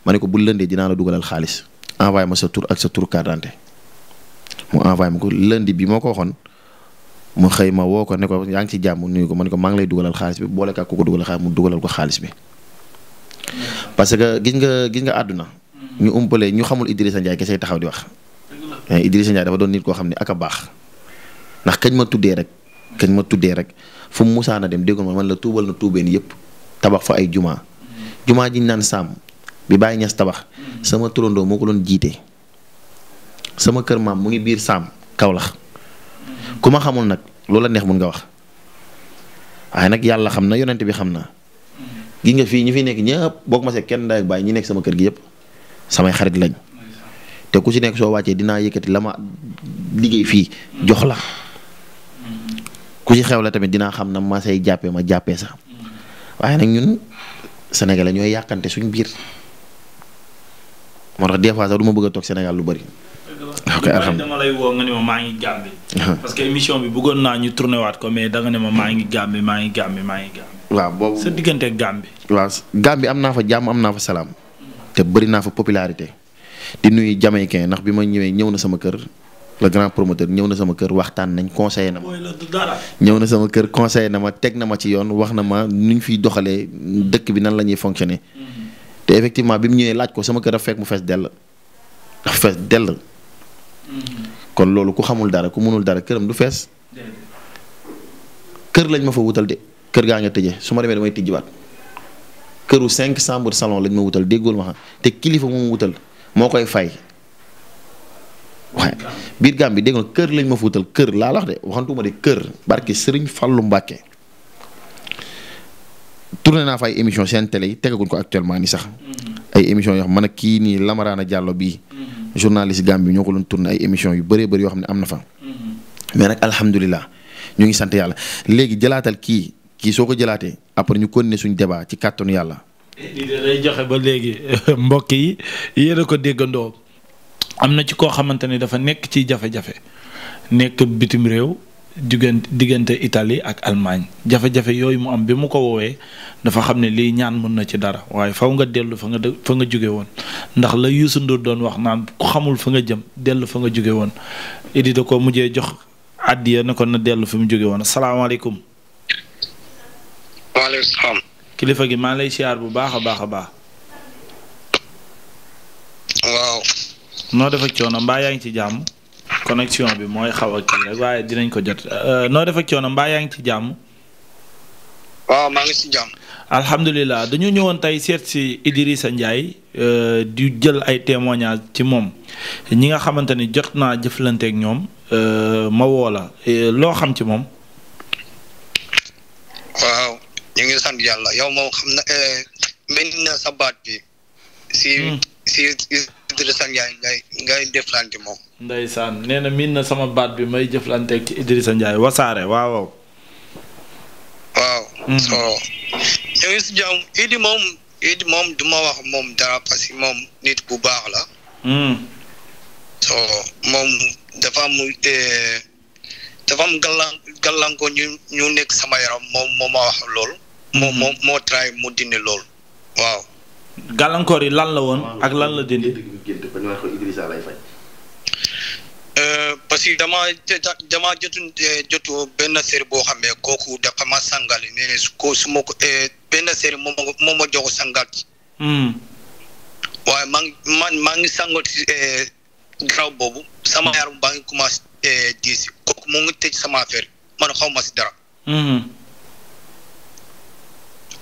ma ne ko bu lëndee dinaa la dugalal xaalis ma sa tur ak sa tur carte d'identité mu ko lëndi bi moo ko waxoon mu xëy ma woo ko ne ko yaa ngi si jàmm nuyu ko ma ne ko maa ngi lay dugalal xaalis bi boole ak ku ko dugalal xaalis ko xaalis bi. parce que gis nga gis nga àdduna. ñu umpalee ñu xamul Idrissa Ndiaye kese taxaw di wax. Eh, Idrissa Ndiaye dafa doon nit koo xam ne ak a baax ndax kañ ma tuddee rek. kañ ma tuddee rek fu mu musaana dem déggul ma man la tuubal na tuubeen yépp tabax fa ay jumaa jumaa ji naan sàmm bi bàyyi Ñas tabax sama turandoo moo ko doon jiite sama kër maam mu ngi biir sàmm Kawlax ku ma xamul nag loola neex mun nga wax waaye nag yàlla xam na yonent bi xam na gi nga fii ñu fi nekk ñëpp bokk ma see kenn ndaay ak baay ñu nekk sama kër gi yépp samay xarit lañ te ku si nekk soo wàccee dinaa yëkkati la ma liggéey fii jox la ku ci xew la tamit dinaa xam na ma say jàppee ma jàppee sax waaye nag ñun sénégalais ñooy yàkkante suñu biir moo tax des fois sax du ma bëgg a toog Sénégal lu bari. ok alhamdulilah dama ne ma maa ngi Gàmbi. parce que émission bi bëggoon naa ñu tourné waat ko mais danga ne ma maa ngi Gàmbi maa ngi Gàmbi maa ngi Gàmbi. waaw boobu sa diggante Gàmbi. waaw Gàmbi am naa fa jàmm am naa fa salaam. te bëri naa fa popularité. di nuyu Jamaïcain ndax bi ma ñëwee ñëw na sama kër. le grand promoteur ñëw na sama kër waxtaan nañ conseillé na ma. ñëw na sama kër conseillé na ma teg na ma ci yoon wax na ma nu ñu fiy doxalee dëkk bi nan la ñuy fonctionner. Mm-hmm. te effectivement bi mu ñëwee laaj ko sama kër a fekk mu fees dell. dafa fees dell. Mm-hmm. kon loolu ku xamul dara ku mënul dara këram du fees. kër lañ ma fa wutal de kër gaa nga tëjee su ma demee damay tijjiwaat. këru cinq chambres salon lañ ma wutal déggool ma xam te kilifa moom wutal moo koy fay. waaye biir Gàmbi dégg nga kër lañ ma fuutal kër laa lax de waxantuma de kër barki Serigne Fallou Mbacke tourné naa fa ay émission seen télé yi tegaguñ ko actuellement ni sax ay émission yoo xam man a kii nii Lamarana Diallo bii mm-hmm. journaliste Gàmbi ñoo ko doon tourné ay émission yu bëree bëri yoo xam ne am na fa mm-hmm. mais nag alhamdulilah ñu ngi sant yàlla léegi jëlaatal kii kii soo ko jëlaatee après ñu continuer suñ débat ci kàttanu yàlla. Eh, lii ba léegi mbokk yi yéen a ko déggandoo. am na ci koo xamante ni dafa nekk ci jafe-jafe nekk bitim réew diggante diggante Italie ak almaañ jafe-jafe yooyu mu am bi mu ko woowee dafa xam ne lii ñaan mën na ci dara waaye faw nga dellu fa nga fa nga jóge woon ndax la Youssou Ndour doon wax naan ku xamul fa nga jëm dellu fa nga jóge woon idi da ko mujjee jox àddiya ne ko na dellu fi mu jóge woon asalaamaaleykum waaleykum kilifa gi maa lay siyaar bu baax a baax a baax waaw noo def ak coono mbaa yaa ngi ci jàmm connexion bi mooy xaw a kii waaye dinañ ko jot euh, noo def ak coono mbaa yaa ngi ci jàmm. waaw maa ngi ci jàmm. alhamdulilah dañu ñëwoon tey seet si sa Ndiaye euh, di jël ay témoignages ci moom ñi nga xamante ni jot naa jëflanteeg ñoom euh, ma woo loo xam ci moom. waaw ñu ngi sant yàlla yow moom xam na mel na sa baat bi si. Hmm. si Idrissa Ndiaye ngay ngay jëflante moom. ndeysaan nee na miin na sama baat bi may jëflanteeg ci Idrissa Ndiaye wasaare waaw. waaw. Mm. so yow Youssou Diagne Idi moom Idi moom du ma wax moom dara parce que moom nit bu baax la. Mm. so moom dafa am dafa ñu nekk sama yaram moom moo ma wax lool. moo mm-hmm. moo moo try mu dindi lool waaw. gàllankoor yi lan la woon ak lan la dindi. Euh, parce que dama dama jotu euh, jotu benn série boo xam ne kooku dafa ma sangal nee ne ko su ma euh, benn série moo ma ma jox sangal. waaye maa ngi maa ngi sangoot garaaw boobu sama yaram baa ngi commencé diis kooku moo ngi tëj sama affaire man xaw ma si dara. Hmm.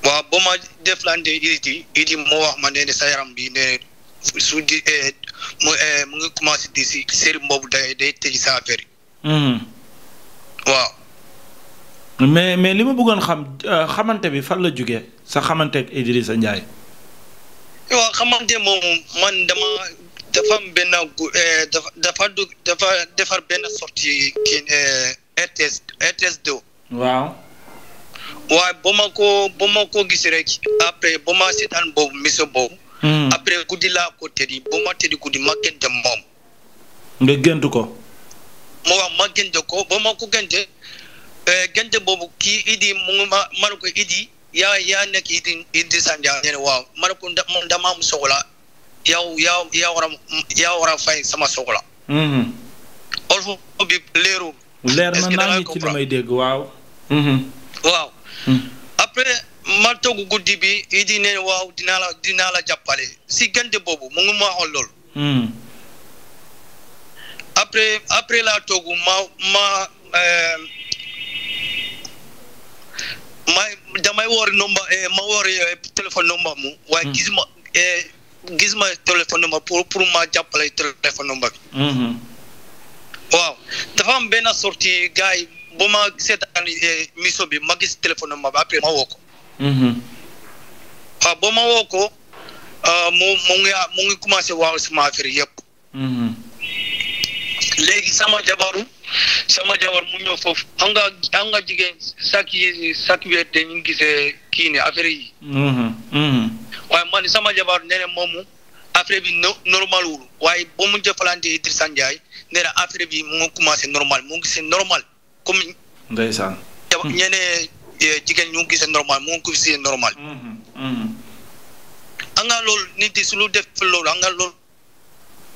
waaw ba ma deflante Idi Idi moo wax ma nee sa yaram bi nee su di eh, mu eh, mu ngi commencé di si série boobu day day tëj sa affaire yi. Hmm. waaw. mais mais li ma bëggoon xam euh, xamante bi fan la jógee sa xamante ak Idrissa Ndiaye. waaw xamante moom man dama dafa am benn eh, dafa dafa dafa defar benn sortie kii RTS RTS 2. waaw. waaye ba ma ko ba ma ko gis rek après ba ma seetaan boobu mission boobu. Hmm. après guddi laa ko tëddi ba ma tëddi guddi ma gënte moom. nga gënt ko. moo wax ma gënte ko ba ma ko gënte eh, gënte boobu ki Idi mu ma ma ne ko Idi yaa yaa nekk Idi Idi Sandiara ne waaw ma ne dama am soxla yow yaa war a yaa war a fay sama soxla. Hmm. olof bi leer na naa ci li dégg waaw. Hmm. après ma toog guddi bi idi ne waaw dinaa la dinaa la jàppale si gante boobu mu ngi loolu. Hmm. après après laa toogu ma ma euh, ma damay woor nomba eh, ma woor eh, téléphone nomba mu. waaye hmm. gis ma eh, gis téléphone nomba pour pour ma jàppale téléphone nomba bi. Hmm. waaw dafa am benn sortie bu ma seetaan eh, mission bi ma gis téléphone am ma ba après ma woo ko. Mm-hmm. ma woo ko ah, mu mu ngi mu ngi commencé waaw sama affaire yëpp. Mm-hmm. sama jabaru sama jabar mu ñëw foofu xam nga xam nga jigéen saki saki weer te ñu gisee eh, kii ne affaire yi. Mm-hmm. waaye man sama jabar nee na moomu affaire bi normal wul waaye ba mu jëfalante Idrissa Ndiaye nee na affaire bi mu commencé normal mu ngi normal. comme. ndeysaan. jabar hmm. ñeneen eh, jigéen ñu ngi gisee normal mu ngi ko gisee normal. xam hmm, hmm, nga loolu nit yi lu def lool xam nga loolu.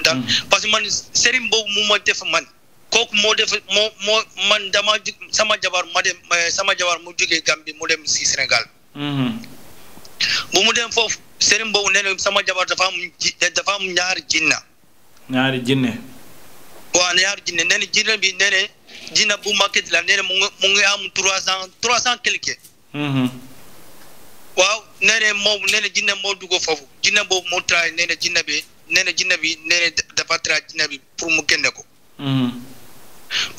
daal parce que man sëriñ boobu mu ma def man kooku moo def moo moo man dama sama jabar ma dem eh, sama jabar mu jógee Gambie mu dem si Sénégal. bu mu dem foofu sëriñ boobu nee sama jabar dafa am dafa am ñaari jinna. ñaari jinne. waaw ñaari jinne nee jinne bi nee dina bu Màkka di la nee mu ngi mu ngi am trois cent trois cent quelque. Mm-hmm. waaw nee na moom nee na jinne moo dugg foofu jinne boobu moo traay nee na jinne bi nee na jinne bi nee dafa traay jinne bi pour mu génne ko. Mm-hmm.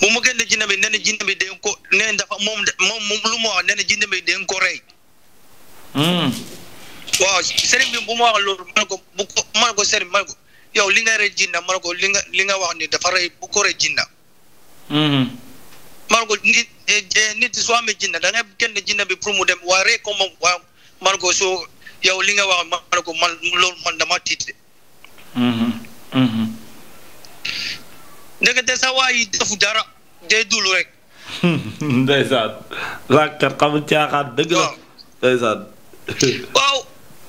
bu mu génne jinne bi nee na bi dañ ko nee na dafa moom moom lu mu wax nee na jinne bi dañ ko rey. Mm-hmm. waaw sëriñ bi bu ma wax loolu man ko bu ko man ko sëriñ man ko yow li nga rey jinne man ko li nga li nga wax ni dafa rey bu ko rey jinne. Mm-hmm. man ko nit eh, eh, nit soo amee jinne da ngay jinne bi pour mu dem waa rek ko moom man ko soo yow li nga wax man ko man loolu man dama tiit de. Mm-hmm. Mm-hmm. ndekete sa waa defu dara day dul rek. ndeysaan laajkat xamul caaxaan dëgg la ndeysaan.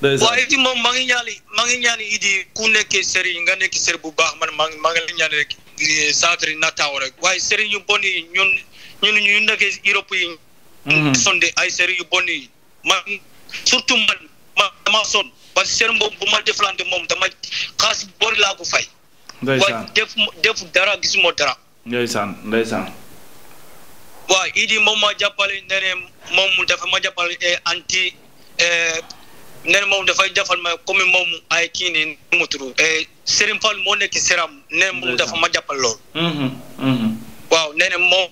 waaye ci moom maa i ñaani maa ngi ñaani idi ku nekkee sëriñ nga nekk sëriñ bu baax man maa ngi maa ngi la ñaani rek eh, saatari nataaw rek waaye sëriñ yu bon yi ñun ñun ñu nekkee Europe yi mhm. sonde ay seri yu bon yi man ma son parce que sëriñ boobu bu ma deflante moom dama xaas bori ko fay waaye def def dara gisuma dara ndeysaan ndeysaan waaw moom ma jàppale ne ne moom dafa ma jàppale eh, anti eh, ne moom dafay defal ma comme moom ay kii nii nu mu tudd eh, moo nekk Seram ne moom dafa ma jàppal lool. Mm-hmm, mm-hmm. waaw nee na moom.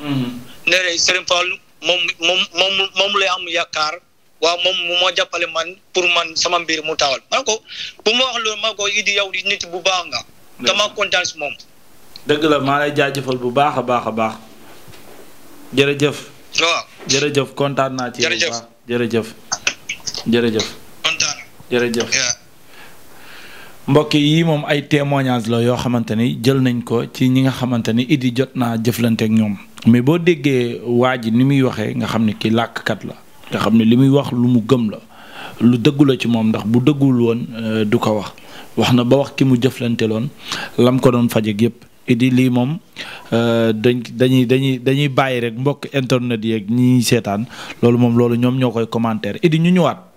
Mm-hmm. nee na Serigne moom moom moom moom lay am yaakaar waaw moom moo jàppale man pour man sama mbir mu taawal man ko bu ma wax loolu man ko Idi yow di nit bu baax nga. dama kontaan moom. dëgg la maa lay jaajëfal bu baax a baax a baax jërëjëf. waaw jërëjëf kontaan naa ci. jërëjëf jërëjëf. jërëjëf kontaan mbokk yi moom ay témoignage la yoo xamante ni jël nañ ko ci ñi nga xamante ni Idy jot naa jëflante ak ñoom mais boo déggee waa ji ni muy waxee nga xam ne ki làkkat la nga xam ne li muy wax lu mu gëm la lu dëggu la ci moom ndax bu dëggul woon euh, du ko wax wax na ba wax ki mu jëflante loon lam ko doon faj ak yëpp lii moom euh, dañ dañuy dañuy dañuy bàyyi rek mbokk internet yeeg ñi seetaan loolu moom loolu ñoom ñoo koy commentaire Idy ñu ñëwaat.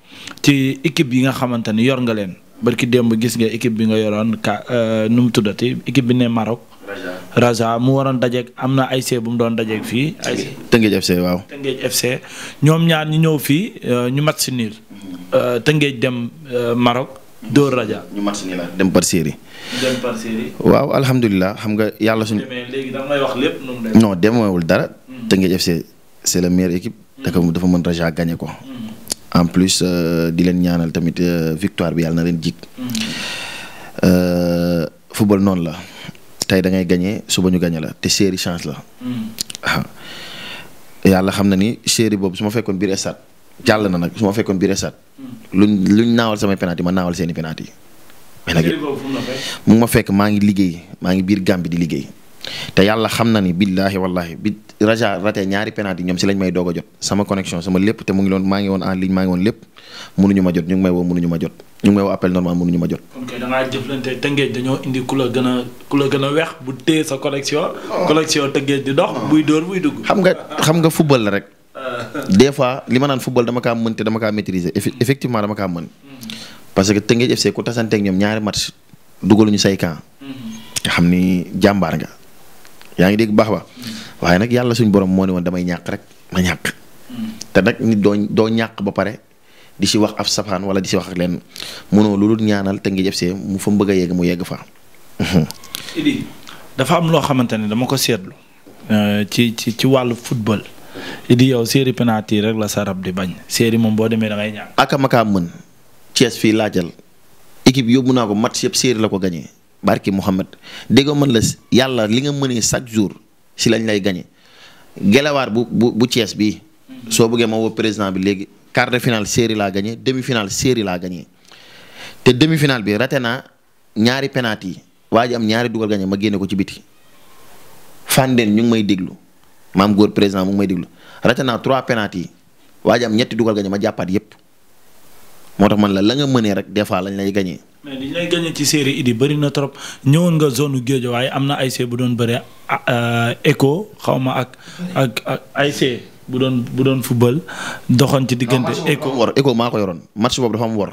ci équipe yi nga xamante ni yor nga leen barki démb gis nga équipe bi nga yoroon ka euh, nu mu tuddati équipe bi ne Maroc. Raja mu waroon dajeeg am na ASC bu mu doon dajeeg fii. Tëngéej FC waaw. Tëngéej FC ñoom ñaar ñu ñëw fii euh, ñu mat si niir. Mhm. Euh, Tëngéej dem Maroc. Dóor Raja ñu mat si niir dem par waaw alhamdulilah xam nga yàlla suñu. demee léegi da ngay wax lépp nu mu demee. non demeewul dara. Mhm. Tëngéej FC c'est la meilleure équipe. Mhm. dafa mën Raja gagné ko. en plus euh, di leen ñaanal tamit euh, victoire bi yàlla na leen jig. Mm-hmm. Euh, football noonu la tey da ngay gagné suba ñu gagné la te série chance la. waaw mm-hmm. ah. yàlla xam na ni série boobu su ma fekkoon biir stade jàll na nag su ma fekkoon biir stade. Mm. luñ luñ naawal samay penalty ma naawal seeni penalty mais nag mu ma fekk maa ngi liggéey maa ngi biir Gàmbi di liggéey. te yàlla xam na ni billaahi wallaahi bi raja raté ñaari penalty ñoom si lañ may doog a jot sama connexion sama lépp te mu ngi loon maa ngi woon en ligne maa ngi woon lépp mënuñu ma jot ñu may woo mënuñu ma jot ñu ngi may woo appel normal mënuñu ma jot. kon kay da ngaa jëflante tëngeej dañoo indi ku la gën a ku la a weex bu téye sa connexion. Oh. connexion tëngeej di dox oh. buy dóor buy dugg. xam nga xam nga football la rek. des fois li ma naan football dama kaa mën te dama kaa maîtriser effectivement mm-hmm. que tëngeej FC ku tasanteeg ñoom ñaari match dugaluñu yaa ngi dégg baax ba waaye nag yàlla suñu borom moo ne woon damay ñàkk rek ma ñàkk. te nag doo doo ñàkk ba pare di si wax ab safaan wala di si wax ak leen munoo lu dul ñaanal te ngi jëf see mu bëgg a yegg yegg fa. am loo xamante ne dama ko seetlu. Euh, ci ci ci wàllu football. Idi yow série penalty rek la sa rab di bañ série moom boo demee da ngay ñàkk. ak a mën Thiès fii laajal équipe yóbbu naa ko mat yëpp la ko gagné. barki Mouhamed déggoo man la yàlla li nga mënee chaque jour si lañ lay gañe gelewaar bu bu bu Thiès bii. soo buggee ma woo président bi léegi quart de finale série laa gagné demi finale série laa gagné te demi finale bi raté naa ñaari penalty yi waa ji am ñaari dugal gagné ma génne ko ci biti. Fandeen ñu ngi may déglu maam góor président mu ngi may déglu rate naa trois penalty yi waa ji ñetti dugal gagné ma jàppaat yépp moo tax man la la nga mënee rek des fois lañ lay gagné. mais liñ lay gagné ci série idi bëri na trop ñëwoon nga zone géej waaye am na ASC bu doon bëree écho euh, xawma ak ak ak bu doon bu doon football doxoon ci diggante. écho war écho maa ko yoroon match boobu dafa am war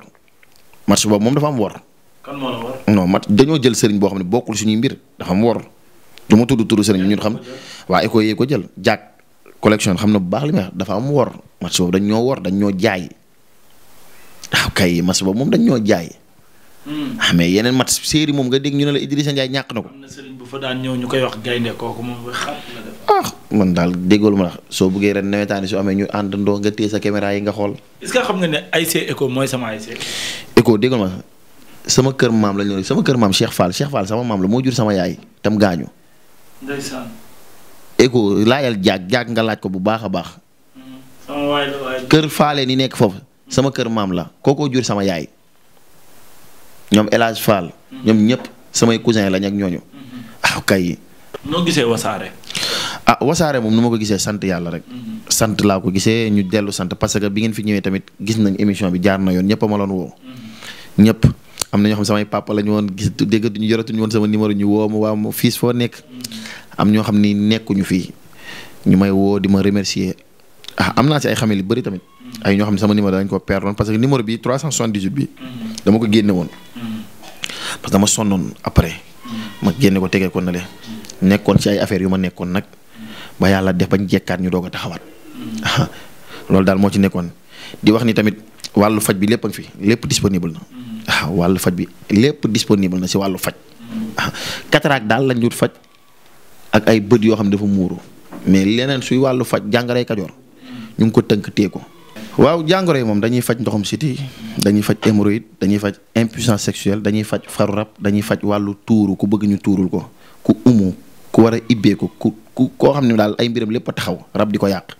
match boobu moom dafa am war. kan moo dañoo jël sëriñ boo xam ne bokkul suñuy mbir dafa am war du ma tudd turu sëriñ ñun xam waa écho yee ko jël jaag collection xam na bu baax li may wax dafa am war match boobu dañ ñoo war jaay. waaw ah, kay match ba moom dañ ñoo jaay. Hmm. ah mais yeneen mat série moom nga dégg ñu ne la Idrissa Ndiaye ñàkk na ko. am fa daan ñëw ñu koy wax gaynde kooku moom ah man daal déggoolu ma soo buggee ren nawetaani su amee ñu àndandoo nga téye sa caméra yi nga xool. est xam nga ne ASC ECCO mooy sama ASC. ECCO déggoolu ma sama kër maam la ñu sama kër maam Cheikh Fall Cheikh Fall sama maam la moo jur sama yaay tam gaañu. ndeysaan. ECCO laajal jaag jaag nga laaj ko bu baax a baax. Hmm. sama kër faale ni nekk foofu. sama kër maam la kookoo jur sama yaay ñoom El Hadj mm-hmm. ñoom ñëpp samay cousin lañ ak ñooñu. Mm-hmm. ah kay. noo gisee wasaare. ah wasaare moom nu ma ko gisee sant yàlla rek. Mm-hmm. sant laa ko gisee ñu dellu sant parce que bi ngeen fi ñëwee tamit gis nañ émission bi jaar na yoon ñëpp a woo. ñëpp am na ñoo xam samay papa la ñu woon gis déggatuñu yoratuñu woon sama numéro ñu woo ma waa ma foo nekk. am ñoo xam ni nekkuñu fii ñu may woo di ma remercier ah am naa si ay xamil yu bëri tamit. ay ñoo xam ne sama numéro dañ ko perdoon parce que numéro bi 378 bi. dama ko génne woon. parce que dama sonnoon après. ma génne ko tegee ko na le nekkoon ci ay affaires yu ma nekkoon nag. ba yàlla def bañ jekkaat ñu doo ko taxawaat. loolu daal moo ci nekkoon di wax ni tamit wàllu faj bi lépp ak ngi fi lépp disponible na. waaw wàllu faj bi lépp disponible na si wàllu faj. cataracte daal lañ dut faj ak ay bët yoo xam ne dafa muuru mais leneen suy wàllu faj jàngaree kajoor ñu ngi ko tënk ko. waaw jàngoro yi moom dañuy faj ndoxum siti dañuy faj hémorroïde dañuy faj impuissance sexuelle dañuy faj faru rab dañuy faj wàllu tuuru ku bëgg ñu tuurul ko ku ku war a ibbeeku ku ku koo xam ne daal ay mbiram lépp a taxaw rab di ko yàq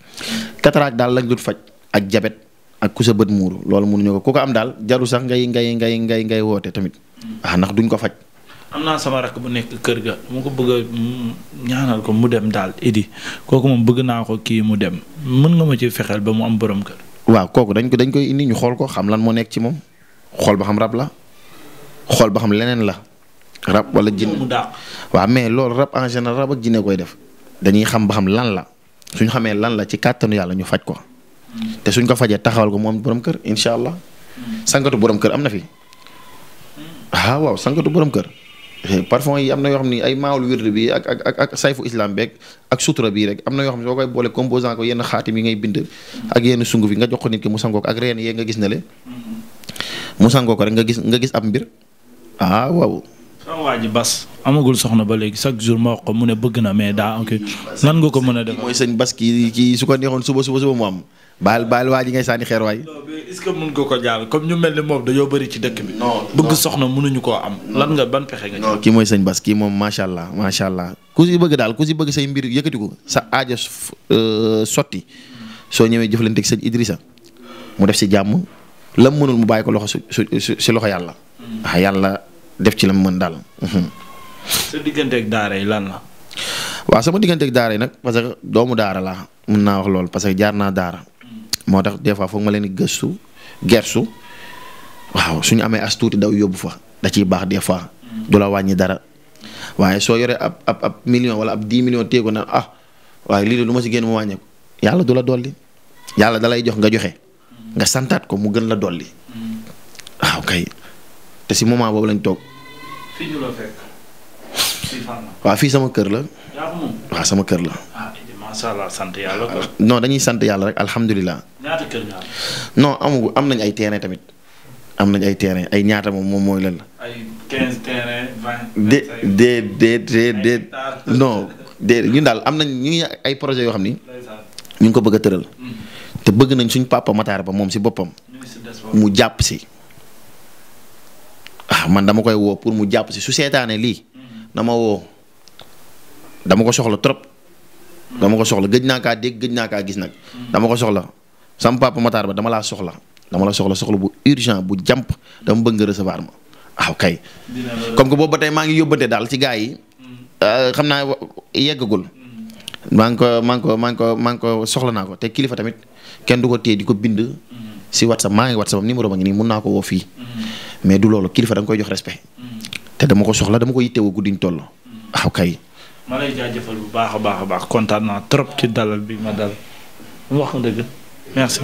cataracte daal lañ faj ak jabet ak ku sa bët muuru loolu mënuñu ko ku ko am daal jaru sax ngay ngay ngay ngay ngay woote tamit ah ndax duñ ko faj. am naa sama rakk bu nekk kër ga mu ko bëgg a ñaanal ko mu dem daal idi kooku moom bëgg naa ko kii mu dem mën nga ma ci fexeel ba mu am borom kër. waaw kooku dañ ko dañ koy indi ñu xool ko xam lan moo nekk ci moom xool ba xam rab la xool ba xam leneen la rab wala jin waaw mais loolu rab en général rab ak jinne koy def dañuy xam ba xam lan la suñ xamee lan la ci kàttanu yàlla ñu faj ko mm. te suñ ko fajee taxawal ko moom borom kër incha allah mm. sangatu borom kër am na fi mm. ah waaw sangatu borom kër. parfum yi am na yoo xam ni ay maawul wird bi ak ak ak sayfu islam ak sutura bii rek am na yoo xam ne soo koy boole composant ko yenn xaatim yi ngay bind ak yenn sunguf yi nga jox ko nit ki mu sangoo ko nga gis ne mu sangoo ko rek nga gis nga gis ab mbir ah waaw sama waa ji bas amagul soxna ba léegi chaque jour ma wax ko mu ne bëgg na mais daa ok nan nga ko mën a def mooy sëñ bas kii kii su ko neexoon suba suba suba mu am baal baal waa ji ngay sànni xeer waay est-ce que mën nga ko jàll comme ñu mel ni moom dañoo bëri ci dëkk bi. non bëgg soxna mënuñu koo am. lan nga ban pexe nga. non kii mooy sëñ Bas kii moom macha allah macha ku si bëgg daal ku si bëgg say mbir yëkkati ko sa aaja euh, sotti soo ñëwee jëflanteeg sëñ Idrissa mu def si jàmm lam mënul mu bàyyi ko loxo su su si loxo yàlla. Mm. ah yàlla def ci la mu mën daal. Mhm. sa digganteeg daara yi lan la. waa sama digganteeg daara yi nag parce que doomu daara laa mën naa wax loolu parce que jaar naa daara. moo tax des fois foog ma leen di gëstu gersu waaw suñu amee as tuuti daw yóbbu fa da ciy baax des fois. du la wàññi dara. waaye soo yoree ab ab million wala ab 10 million téye ko na ah waaye lii de lu ma si génn mu wàññeeku yàlla du la dolli yàlla da lay jox nga joxe. nga santaat ko mu gën la dolli. waaw kay te si moment boobu lañ toog. fii fii waaw fii sama kër la. waa sama kër la. Ah, macha allah sant yàlla quoi. dañuy sant yàlla rek alhamdulilah. no kër am. nañ ay terrain tamit. am nañ ay terrain ay ñaata moom moom mooy lan la. de de de de de daal am nañ ñu ay projet yoo xam ni. ñu ngi ko bëgg tëral. Hmm. te bëgg nañ suñ papa Matar ba moom si boppam. mu jàpp si. Ah, man dama koy woo pour mu jàpp si su seetaanee lii. Hmm. na woo dama ko soxla trop. dama ko soxla gëj naa kaa dégg gëj naa kaa gis nag. dama ko soxla sama papa Matar ba dama laa soxla dama la soxla soxla bu urgent bu jàmp dama bëgg nga recevoir ma waaw ah, kay. maa ngi yóbbante daal ci gaa yi. Mm. Euh, xam naa yeggagul. Mm. maa ko maa ngi ko maa ngi ko maa ko soxla naa ko te kilifa tamit kenn du ko téye di ko bind. si mm. WhatsApp maa ngi WhatsApp numéro ba ngi nii naa ko woo fii. mais du loolu kilifa da nga koy jox respect. te dama ko soxla dama ko yittewoo guddiñ toll. waaw ah, kay. ma lay jaajëfal bu baax a baax a baax kontaan naa trop ci dalal bi ma dal wax nga dëgg merci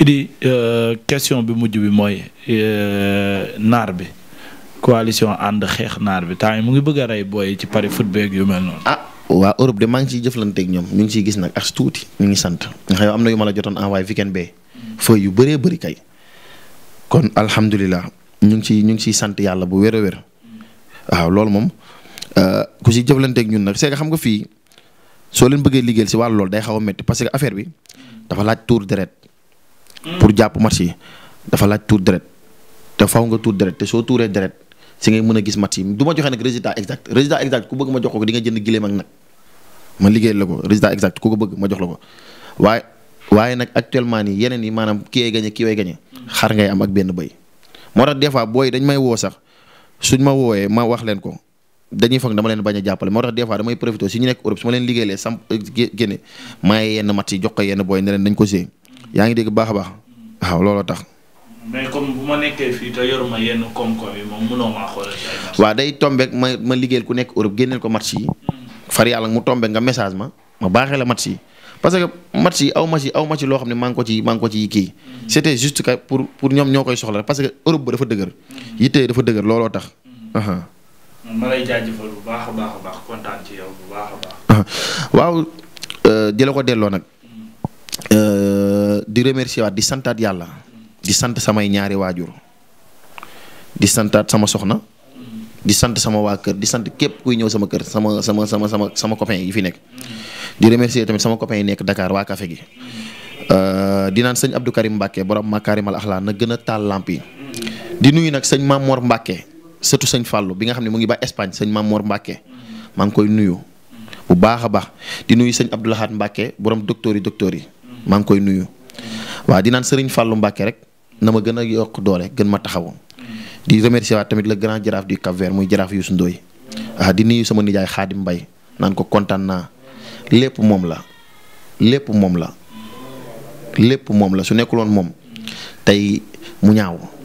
Idi euh, question bi mujj bi mooy euh, naar bi coalition ànd xeex naar bi temps mu ngi bëgg a rey booy ci Paris foot beeg yu mel noonu. ah waa Europe de maa ngi ciy jëflanteeg ñoom ñu ngi ciy gis nag as tuuti ñu ngi sant ndax yow am na yu ma la jotoon envoyé weekend bee feuille yu bëree bari kay kon alhamdulilah ñu ngi ci ñu ngi ciy sant yàlla bu wér a wér waaw loolu moom. Euh, ku si jëflanteeg ñun nag see que xam nga fii soo leen bëggee liggéeyal si wàllu loolu day xaw a métti parce que affaire bi dafa laaj tuur deret hmm. pour jàpp match dafa laaj tuur deret te faw nga tuur deret te soo tuuree deret si ngay mën a gis match yi du ma joxe nag résultat exact résultat exact ku bëgg ma jox ko di nga jënd gileem ak nag ma liggéeyal la ko résultat exact ku ko bëgg ma jox la ko waaye waaye nag actuellement nii yeneen yi maanaam kii ay gañe kii ay gañe xar ngay am ak benn bëy moo tax des fois booy dañ may woo sax suñ ma woowee ma wax leen ko dañuy foog dama leen bañ a jàppale moo tax des fois damay profité si ñu nekk ma leen euh, yi jox ko yenn booy ne leen ko yaa ngi dégg baax a looloo tax. mais day tombé ma ma liggéeyal ku nekk Europe génneel ko match yi. Hmm. far yàlla mu tombé nga message ma ma baaxee la match yi parce que match yi aw match yi loo xam ne maa ngi ko ci maa ngi ko ci kii. Hmm. c' était juste que pour pour ñoom ñoo koy soxla parce que Europe ba dafa dëgër. Hmm. yitte dafa dëgër looloo tax. Uh-huh. waaw euh, di la ko delloo nag. Euh, di remercier di santaat yàlla. di sant samay ñaari waajur. di santaat sama soxna. di sant sama waa kër di sant képp kuy ñëw sama kër sama sama sama sama sama copain yi fi nekk. di remercier tamit sama copain yi nekk Dakar waa café gi. Euh, di naan sëñ Abdou Karim Mbacke borom Makarimal Axlaa na gën a taal lamp di nuyu nag sëñ Mamor Mbacke. sëtu sëñ Fallou bi nga xam ne mu ngi ba Espagne sëñ Mamour Mbacke maa ngi koy nuyu. bu baax a baax di nuyu sëñ Abdou Lahad Mbacke borom docteur yi docteur yi maa ngi koy nuyu. waaw di naan sëriñ Fallou rek na ma gën a yokk doole gën ma taxawu. di remercier waat tamit le grand jaraaf du Cap-Vert muy jaraaf Youssou Ndoye ah di nuyu sama nijaay Xaadim Mbay naan ko kontaan naa lépp moom la lépp moom la lépp moom la su nekkul woon moom tey mu ñaaw.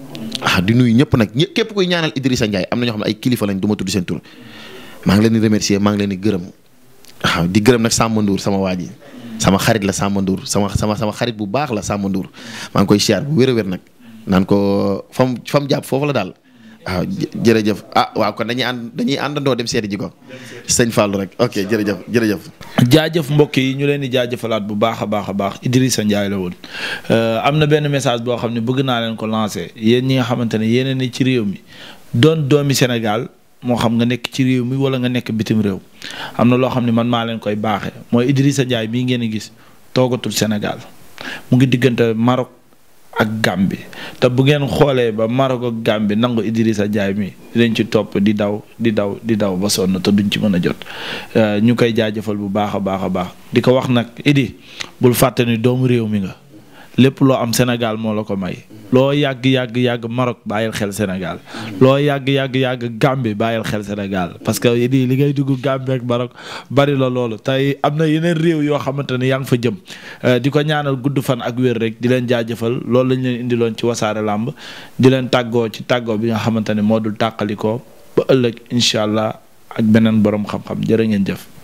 ah di nuyu ñëpp nag ñë képp kuy ñaanal Idrissa Ndiaye am na ñoo xam ne ay kilifa lañ du ma tudd seen tur maa ngi leen di remercier maa ngi leen gërëm waaw di gërëm nag Samba Ndour sama waa ji sama xarit la Samba sama sama sama xarit bu baax la Samba Ndour maa ngi koy siyaar bu wér a wér nag naan ko fam fam jàpp foofu la daal waaw ah, jërëjëf ah waaw kon dañuy ànd dañuy àndandoo dem seeti ji ko sëñ Fallou rek ok jërëjëf jërëjëf. jaajëf mbokk yi ñu leen di jaajëfalaat bu baax a baax a baax Idrissa Ndiaye la woon euh, am na benn message boo xam ne bëgg naa leen ko lancer yéen ñi nga xamante ne yéen ni ci réew mi doon doomi Sénégal moo xam nga nekk ci réew mi wala nga nekk bitim réew am na loo xam ne man maa leen koy baaxee mooy Idrissa Ndiaye bii ngeen gis toogatul Sénégal mu ngi diggante Maroc. ak bi te bu ngeen xoolee ba Maroc ak bi nangu Idrissa Ndiaye mi dinañ ci topp di daw di daw di daw ba sonn te duñ ci mën a jot euh, ñu koy jaajëfal bu baax a baax a baax di ko wax nag Idi bul fàtte ni doomu réew mi nga. lépp loo am Sénégal moo la ko may. loo yàgg yàgg yàgg Maroc bàyyil xel Sénégal. loo yàgg yàgg yàgg Gambie bàyyil xel Sénégal parce que yéen li ngay dugg Gambie ak bari la loolu tey am na yeneen réew yoo xamante ne yaa ngi fa jëm euh, di ko ñaanal gudd fan ak wér rek di leen jaajëfal loolu lañu leen indiloon ci wasaare làmb di leen tàggoo ci tàggoo bi nga xamante ne moo dul tàqalikoo ba ëllëg incha allah ak beneen borom xam-xam jërë ngeen jëf.